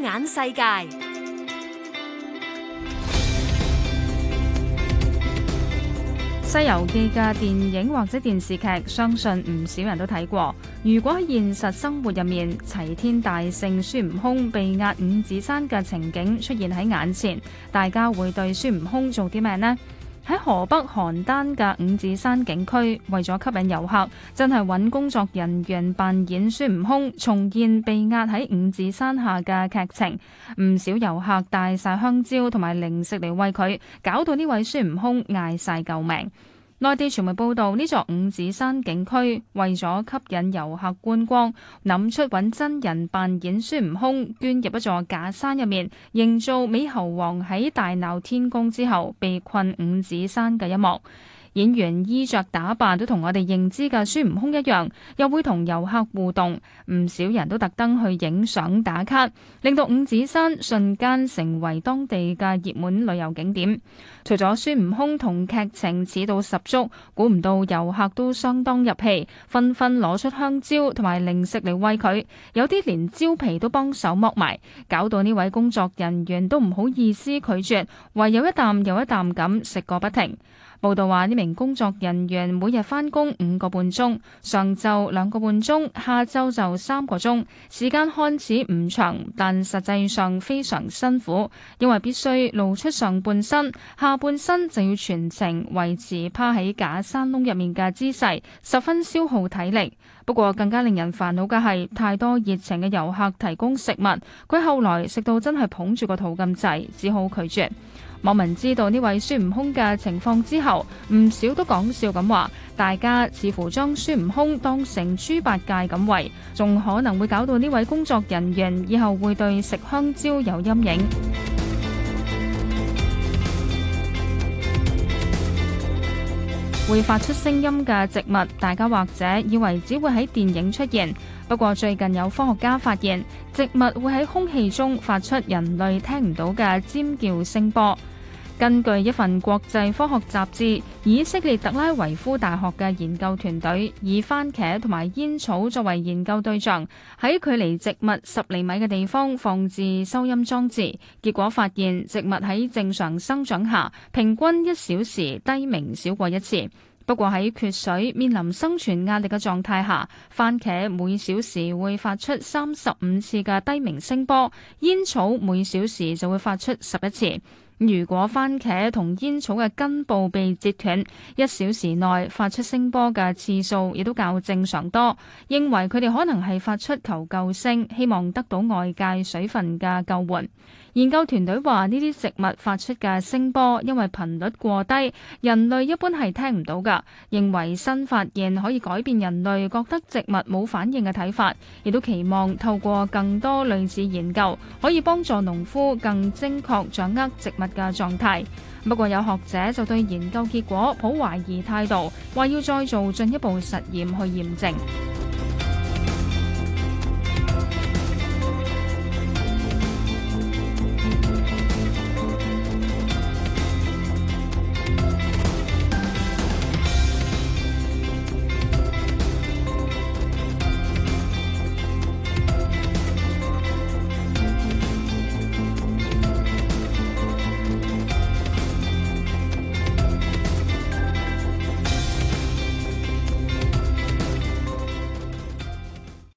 眼世界《西遊記》嘅電影或者電視劇，相信唔少人都睇過。如果喺現實生活入面，齊天大聖孫悟空被壓五指山嘅情景出現喺眼前，大家會對孫悟空做啲咩呢？喺河北邯鄲嘅五指山景區，為咗吸引遊客，真係揾工作人員扮演孫悟空，重現被壓喺五指山下嘅劇情。唔少遊客帶晒香蕉同埋零食嚟餵佢，搞到呢位孫悟空嗌晒救命。內地傳媒報導，呢座五指山景區為咗吸引遊客觀光，諗出揾真人扮演孫悟空，捐入一座假山入面，營造美猴王喺大鬧天宮之後被困五指山嘅一幕。演員衣着打扮都同我哋認知嘅孫悟空一樣，又會同遊客互動，唔少人都特登去影相打卡，令到五指山瞬間成為當地嘅熱門旅遊景點。除咗孫悟空同劇情似到十足，估唔到遊客都相當入戲，紛紛攞出香蕉同埋零食嚟餵佢，有啲連蕉皮都幫手剝埋，搞到呢位工作人員都唔好意思拒絕，唯有一啖又一啖咁食個不停。報道話：呢名工作人員每日返工五個半鐘，上晝兩個半鐘，下晝就三個鐘。時間看似唔長，但實際上非常辛苦。因為必須露出上半身，下半身就要全程維持趴喺假山窿入面嘅姿勢，十分消耗體力。不過更加令人煩惱嘅係太多熱情嘅遊客提供食物，佢後來食到真係捧住個肚咁滯，只好拒絕。網民知道呢位孫悟空嘅情況之後，唔少都講笑咁話，大家似乎將孫悟空當成豬八戒咁餵，仲可能會搞到呢位工作人員以後會對食香蕉有陰影。 會發出聲音嘅植物，大家或者以為只會喺電影出現，不過最近有科學家發現，植物會喺空氣中發出人類聽唔到嘅尖叫聲波。根據一份國際科學雜誌，以色列特拉維夫大學嘅研究團隊以番茄同埋煙草作為研究對象，喺距離植物十厘米嘅地方放置收音裝置，結果發現植物喺正常生長下平均一小時低鳴少過一次。不過喺缺水、面臨生存壓力嘅狀態下，番茄每小時會發出三十五次嘅低鳴聲波，煙草每小時就會發出十一次。如果蕃茄同煙草嘅根部被截斷，一小時內發出聲波嘅次數亦都較正常多，認為佢哋可能係發出求救聲，希望得到外界水分嘅救援。研究團隊話：呢啲植物發出嘅聲波，因為頻率過低，人類一般係聽唔到㗎。認為新發現可以改變人類覺得植物冇反應嘅睇法，亦都期望透過更多類似研究，可以幫助農夫更精確掌握植物嘅狀態。不過有學者就對研究結果抱懷疑態度，話要再做進一步實驗去驗證。